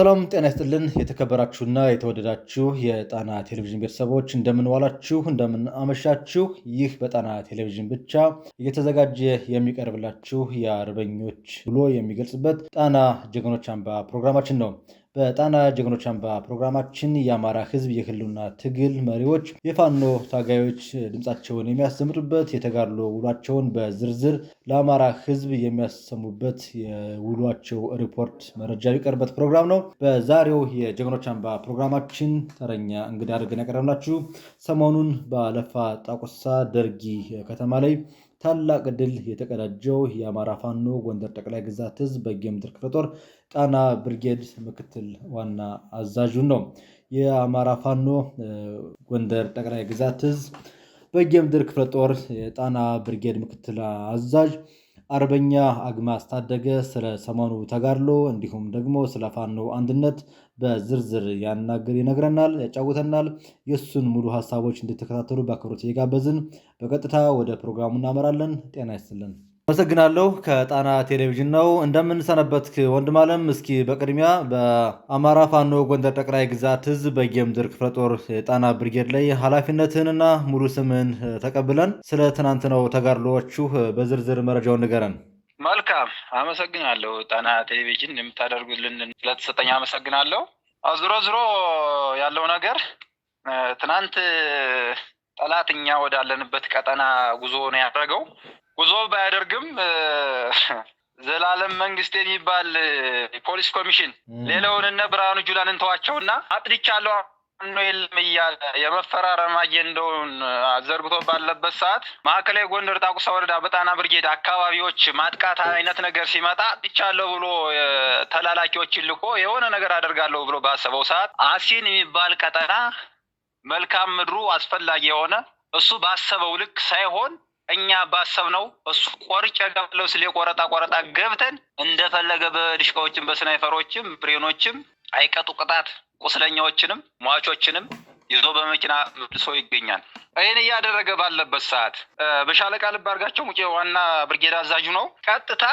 ሰላም ጤና ይስጥልን። የተከበራችሁና የተወደዳችሁ የጣና ቴሌቪዥን ቤተሰቦች እንደምንዋላችሁ ዋላችሁ፣ እንደምን አመሻችሁ። ይህ በጣና ቴሌቪዥን ብቻ እየተዘጋጀ የሚቀርብላችሁ የአርበኞች ብሎ የሚገልጽበት ጣና ጀግኖች አምባ ፕሮግራማችን ነው። በጣና ጀግኖች አምባ ፕሮግራማችን የአማራ ሕዝብ የህልውና ትግል መሪዎች፣ የፋኖ ታጋዮች ድምፃቸውን የሚያሰምጡበት የተጋድሎ ውሏቸውን በዝርዝር ለአማራ ሕዝብ የሚያሰሙበት የውሏቸው ሪፖርት መረጃ የሚቀርበት ፕሮግራም ነው። በዛሬው የጀግኖች አምባ ፕሮግራማችን ተረኛ እንግዳ አድርገን ያቀረብናችሁ ሰሞኑን በአለፋ ጣቁሳ ደርጊ ከተማ ላይ ታላቅ ድል የተቀዳጀው የአማራ ፋኖ ጎንደር ጠቅላይ ግዛት ህዝብ በጌምድር ክፍለ ጦር ጣና ብርጌድ ምክትል ዋና አዛዡን ነው። የአማራ ፋኖ ጎንደር ጠቅላይ ግዛት ህዝብ በጌምድር ክፍለ ጦር የጣና ብርጌድ ምክትል አዛዥ አርበኛ አግማስ ታደገ ስለ ሰሞኑ ተጋድሎ እንዲሁም ደግሞ ስለ ፋኖ አንድነት በዝርዝር ያናገር ይነግረናል፣ ያጫውተናል። የእሱን ሙሉ ሀሳቦች እንድትከታተሉ በአክብሮት እየጋበዝን በቀጥታ ወደ ፕሮግራሙ እናመራለን። ጤና ይስጥልን። አመሰግናለሁ። ከጣና ቴሌቪዥን ነው እንደምንሰነበት ወንድም አለም። እስኪ በቅድሚያ በአማራ ፋኖ ጎንደር ጠቅላይ ግዛት ህዝብ በጌምድር ክፍለ ጦር የጣና ብርጌድ ላይ ኃላፊነትህንና ሙሉ ስምህን ተቀብለን ስለ ትናንትናው ተጋድሎዎቹ በዝርዝር መረጃውን ንገረን። መልካም አመሰግናለሁ። ጣና ቴሌቪዥን የምታደርጉልን ስለተሰጠኝ አመሰግናለሁ። ዞሮ ዝሮ ያለው ነገር ትናንት ጠላት እኛ ወዳለንበት ቀጠና ጉዞ ነው ያደረገው። ጉዞ ባያደርግም ዘላለም መንግስት የሚባል ፖሊስ ኮሚሽን ሌላውን እነ ብርሃኑ ጁላን እንተዋቸው እና አጥድቻለሁ አንዱ የለም እያለ የመፈራረም አጀንዳውን ዘርግቶ ባለበት ሰዓት ማዕከላዊ ጎንደር ጣቁሳ ወረዳ በጣና ብርጌድ አካባቢዎች ማጥቃት አይነት ነገር ሲመጣ ብቻለሁ ብሎ ተላላኪዎችን ልኮ የሆነ ነገር አደርጋለሁ ብሎ ባሰበው ሰዓት አሲን የሚባል ቀጠና መልካም ምድሩ አስፈላጊ የሆነ እሱ ባሰበው ልክ ሳይሆን እኛ ባሰብነው እሱ ቆርጬ ገባለሁ ስል ቆረጣ ቆረጣ ገብተን እንደፈለገ በድሽቃዎችም በስናይፈሮችም ብሬኖችም አይቀጡ ቅጣት ቁስለኛዎችንም ሟቾችንም ይዞ በመኪና መልሶ ይገኛል። ይህን እያደረገ ባለበት ሰዓት በሻለቃ ልብ አድርጋቸው ሙጬ ዋና ብርጌድ አዛዡ ነው። ቀጥታ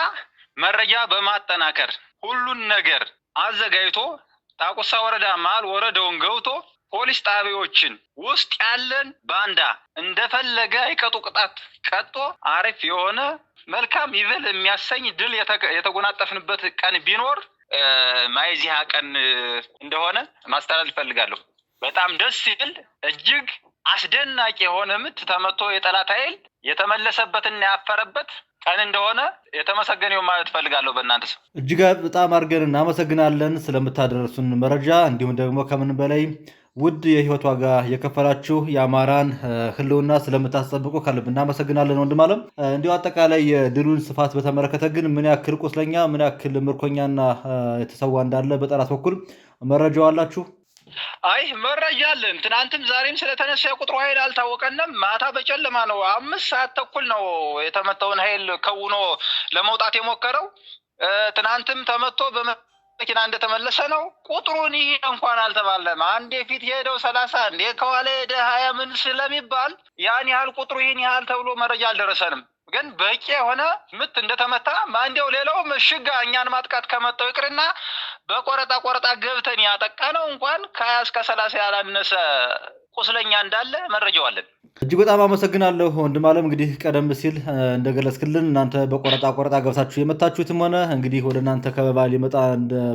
መረጃ በማጠናከር ሁሉን ነገር አዘጋጅቶ ጣቁሳ ወረዳ መሀል ወረዳውን ገብቶ ፖሊስ ጣቢያዎችን ውስጥ ያለን ባንዳ እንደፈለገ አይቀጡ ቅጣት ቀጦ አሪፍ የሆነ መልካም ይበል የሚያሰኝ ድል የተጎናጠፍንበት ቀን ቢኖር ማየዚያ ቀን እንደሆነ ማስተላለፍ እፈልጋለሁ። በጣም ደስ ይል እጅግ አስደናቂ የሆነ ምት ተመቶ የጠላት ኃይል የተመለሰበትና ያፈረበት ቀን እንደሆነ የተመሰገነው ማለት እፈልጋለሁ። በእናንተ ሰው እጅግ በጣም አድርገን እናመሰግናለን ስለምታደርሱን መረጃ እንዲሁም ደግሞ ከምን በላይ ውድ የህይወት ዋጋ የከፈላችሁ የአማራን ህልውና ስለምታስጠብቁ ከልብ እናመሰግናለን ወንድም አለም። እንዲሁ አጠቃላይ የድሉን ስፋት በተመለከተ ግን ምን ያክል ቁስለኛ፣ ምን ያክል ምርኮኛና የተሰዋ እንዳለ በጠላት በኩል መረጃው አላችሁ? አይ መረጃ አለን። ትናንትም ዛሬም ስለተነሳ የቁጥሩ ኃይል አልታወቀንም። ማታ በጨለማ ነው፣ አምስት ሰዓት ተኩል ነው የተመታውን ኃይል ከውኖ ለመውጣት የሞከረው ትናንትም ተመቶ መኪና እንደተመለሰ ነው። ቁጥሩን ይህ እንኳን አልተባለም። አንዴ ፊት የሄደው ሰላሳ አንዴ ከኋላ ሄደ ሀያ ምን ስለሚባል ያን ያህል ቁጥሩ ይህን ያህል ተብሎ መረጃ አልደረሰንም። ግን በቂ የሆነ ምት እንደተመታ ማንዲያው ሌላው ሽጋ እኛን ማጥቃት ከመጣው ይቅርና በቆረጣ ቆረጣ ገብተን ያጠቃ ነው እንኳን ከሀያ እስከ ሰላሳ ያላነሰ ቁስለኛ እንዳለ መረጃው አለን። እጅግ በጣም አመሰግናለሁ ወንድም አለም። እንግዲህ ቀደም ሲል እንደገለጽክልን እናንተ በቆረጣ ቆረጣ ገብታችሁ የመታችሁትም ሆነ እንግዲህ ወደ እናንተ ከበባ ሊመጣ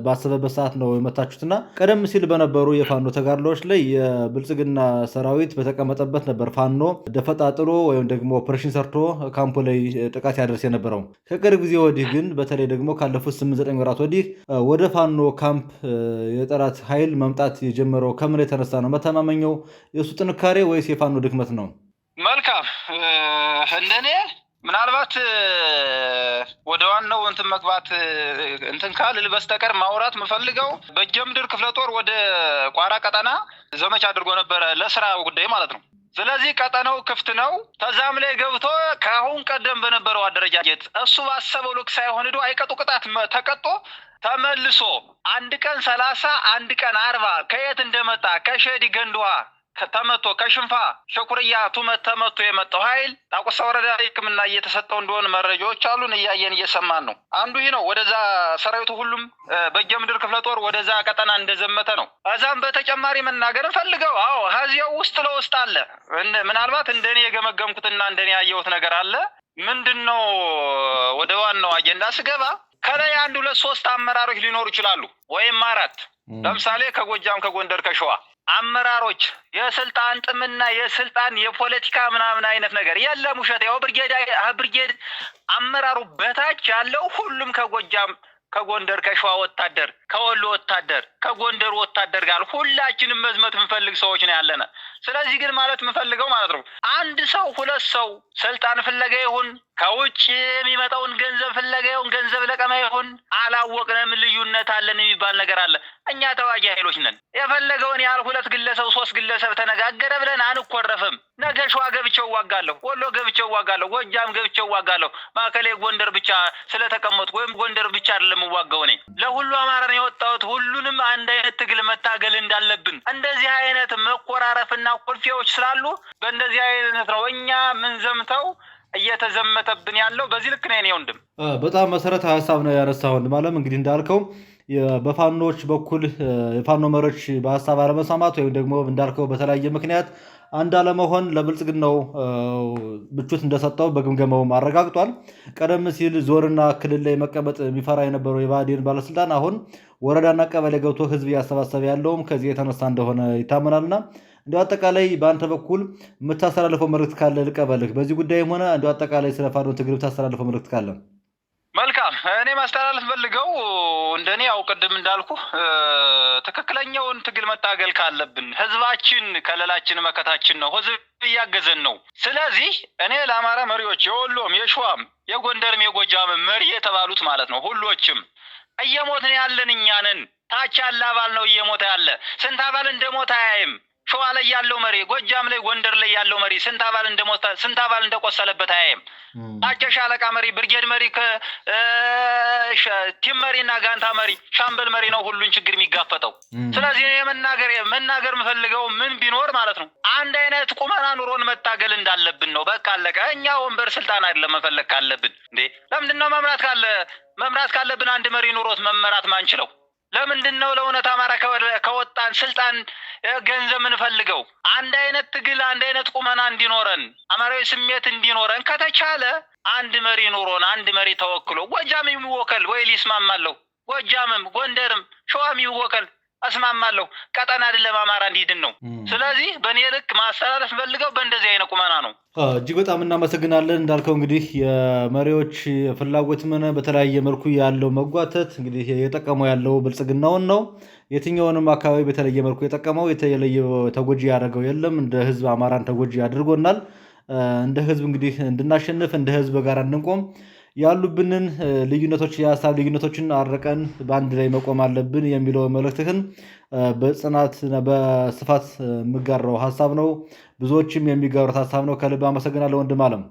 ባሰበበት ሰዓት ነው የመታችሁትና ቀደም ሲል በነበሩ የፋኖ ተጋድሎዎች ላይ የብልጽግና ሰራዊት በተቀመጠበት ነበር ፋኖ ደፈጣ ጥሎ ወይም ደግሞ ኦፕሬሽን ሰርቶ ካምፖ ላይ ጥቃት ያደርስ የነበረው። ከቅርብ ጊዜ ወዲህ ግን በተለይ ደግሞ ካለፉት ስምንት ዘጠኝ ወራት ወዲህ ወደ ፋኖ ካምፕ የጠራት ኃይል መምጣት የጀመረው ከምን የተነሳ ነው? መተማመኛው የእሱ ጥንካሬ ወይስ የፋኖ ድክመት ነው? መልካም እንደኔ ምናልባት ወደ ዋናው እንትን መግባት እንትን ካልል በስተቀር ማውራት የምፈልገው በጀምድር ክፍለ ጦር ወደ ቋራ ቀጠና ዘመቻ አድርጎ ነበረ ለስራ ጉዳይ ማለት ነው። ስለዚህ ቀጠናው ክፍት ነው። ተዛም ላይ ገብቶ ከአሁን ቀደም በነበረው አደረጃጀት እሱ ባሰበው ልክ ሳይሆን ሄዶ አይቀጡ ቅጣት ተቀጦ ተመልሶ አንድ ቀን ሰላሳ አንድ ቀን አርባ ከየት እንደመጣ ከሸዲ ገንድዋ ተመቶ ከሽንፋ ሸኩርያ ቱመት ተመቶ የመጣው ኃይል ጣቁሳ ወረዳ ሕክምና እየተሰጠው እንደሆነ መረጃዎች አሉን። እያየን እየሰማን ነው። አንዱ ይህ ነው። ወደዛ ሰራዊቱ ሁሉም በየምድር ክፍለ ጦር ወደዛ ቀጠና እንደዘመተ ነው። እዛም በተጨማሪ መናገር ፈልገው አዎ ሀዚያው ውስጥ ለውስጥ አለ። ምናልባት እንደኔ የገመገምኩትና እንደኔ ያየሁት ነገር አለ። ምንድን ነው? ወደ ዋናው አጀንዳ ስገባ ከላይ አንድ ሁለት ሶስት አመራሮች ሊኖሩ ይችላሉ፣ ወይም አራት ለምሳሌ ከጎጃም ከጎንደር፣ ከሸዋ አመራሮች የስልጣን ጥምና የስልጣን የፖለቲካ ምናምን አይነት ነገር የለም፣ ውሸት ያው ብርጌድ ብርጌድ አመራሩ በታች ያለው ሁሉም ከጎጃም ከጎንደር ከሸዋ ወታደር ከወሎ ወታደር ከጎንደር ወታደር ጋር ሁላችንም መዝመት የምንፈልግ ሰዎች ነው ያለነ። ስለዚህ ግን ማለት የምፈልገው ማለት ነው አንድ ሰው ሁለት ሰው ስልጣን ፍለጋ ይሁን ከውጭ የሚመጣውን ገንዘብ ፍለጋ ይሁን ገንዘብ ለቀማ ይሁን አላወቅንም፣ ልዩነት አለን የሚባል ነገር አለ። እኛ ተዋጊ ኃይሎች ነን። የፈለገውን ያህል ሁለት ግለሰብ ሶስት ግለሰብ ተነጋገረ ብለን አንኮረፍም። ነገ ሸዋ ገብቼው ዋጋለሁ፣ ወሎ ገብቼው ዋጋለሁ፣ ጎጃም ገብቼው ዋጋለሁ። ማዕከላዊ ጎንደር ብቻ ስለተቀመጥኩ ወይም ጎንደር ብቻ አይደለም ዋጋው እኔ ለሁሉ አማራ ነው የወጣሁት ሁሉንም አንድ አይነት ትግል መታገል እንዳለብን እንደዚህ አይነት መቆራረፍና ቁልፌዎች ስላሉ በእንደዚህ አይነት ነው እኛ ምን ዘምተው እየተዘመተብን ያለው በዚህ ልክ ነው። ኔ ወንድም በጣም መሰረታዊ ሀሳብ ነው ያነሳ ወንድም አለም። እንግዲህ እንዳልከው በፋኖች በኩል የፋኖ መሪዎች በሀሳብ አለመሳማት ወይም ደግሞ እንዳልከው በተለያየ ምክንያት አንድ አለመሆን ለብልጽግናው ምቾት እንደሰጠው በግምገማውም አረጋግጧል። ቀደም ሲል ዞንና ክልል ላይ መቀመጥ የሚፈራ የነበረው የብአዴን ባለስልጣን አሁን ወረዳና ቀበሌ ገብቶ ህዝብ እያሰባሰበ ያለውም ከዚህ የተነሳ እንደሆነ ይታመናልና እንዲ አጠቃላይ በአንተ በኩል የምታስተላልፈው መልእክት ካለ ልቀበልህ። በዚህ ጉዳይም ሆነ እንዲ አጠቃላይ ስለ ፋኖ ትግል የምታስተላልፈው መልእክት ካለ መልካም እኔ ማስተላለፍ ፈልገው እንደኔ ያው ቅድም እንዳልኩ ትክክለኛውን ትግል መታገል ካለብን ህዝባችን ከለላችን መከታችን ነው። ህዝብ እያገዘን ነው። ስለዚህ እኔ ለአማራ መሪዎች የወሎም፣ የሸዋም፣ የጎንደርም የጎጃም መሪ የተባሉት ማለት ነው ሁሎችም እየሞትን ያለን እኛንን ታች ያለ አባል ነው እየሞተ ያለ ስንት አባል እንደሞተ አያይም። ሸዋ ላይ ያለው መሪ፣ ጎጃም ላይ፣ ጎንደር ላይ ያለው መሪ ስንት አባል እንደሞተ ስንት አባል እንደቆሰለበት አያይም። ታች ሻለቃ መሪ፣ ብርጌድ መሪ፣ ቲም መሪ እና ጋንታ መሪ፣ ሻምበል መሪ ነው ሁሉን ችግር የሚጋፈጠው። ስለዚህ መናገር መናገር የምፈልገው ምን ቢኖር ማለት ነው አንድ አይነት ቁመና ኑሮን መታገል እንዳለብን ነው። በቃ አለቀ። እኛ ወንበር ስልጣን አይደለም መፈለግ ካለብን እንዴ ነው መምራት ካለ መምራት ካለብን አንድ መሪ ኑሮት መመራት ማንችለው ለምንድን ነው ለእውነት አማራ ከወጣን ስልጣን ገንዘብ ምንፈልገው? አንድ አይነት ትግል፣ አንድ አይነት ቁመና እንዲኖረን፣ አማራዊ ስሜት እንዲኖረን ከተቻለ አንድ መሪ ኑሮን አንድ መሪ ተወክሎ ጎጃም የሚወከል ወይ ሊስማማለሁ። ጎጃምም ጎንደርም ሸዋም ይወከል። እስማማለሁ። ቀጠና አይደለም አማራ እንዲድን ነው። ስለዚህ በእኔ ልክ ማስተላለፍ ፈልገው በእንደዚህ አይነት ቁመና ነው። እጅግ በጣም እናመሰግናለን። እንዳልከው እንግዲህ የመሪዎች ፍላጎት ምን በተለያየ መልኩ ያለው መጓተት እንግዲህ የጠቀመው ያለው ብልጽግናውን ነው። የትኛውንም አካባቢ በተለየ መልኩ የጠቀመው የተለየ ተጎጂ ያደረገው የለም። እንደ ህዝብ አማራን ተጎጂ አድርጎናል። እንደ ህዝብ እንግዲህ እንድናሸንፍ እንደ ህዝብ ጋር እንድንቆም ያሉብንን ልዩነቶች የሀሳብ ልዩነቶችን አርቀን በአንድ ላይ መቆም አለብን የሚለው መልእክትህን በጽናት በስፋት የምጋራው ሀሳብ ነው። ብዙዎችም የሚጋሩት ሀሳብ ነው። ከልብ አመሰግናለሁ ወንድም አለም።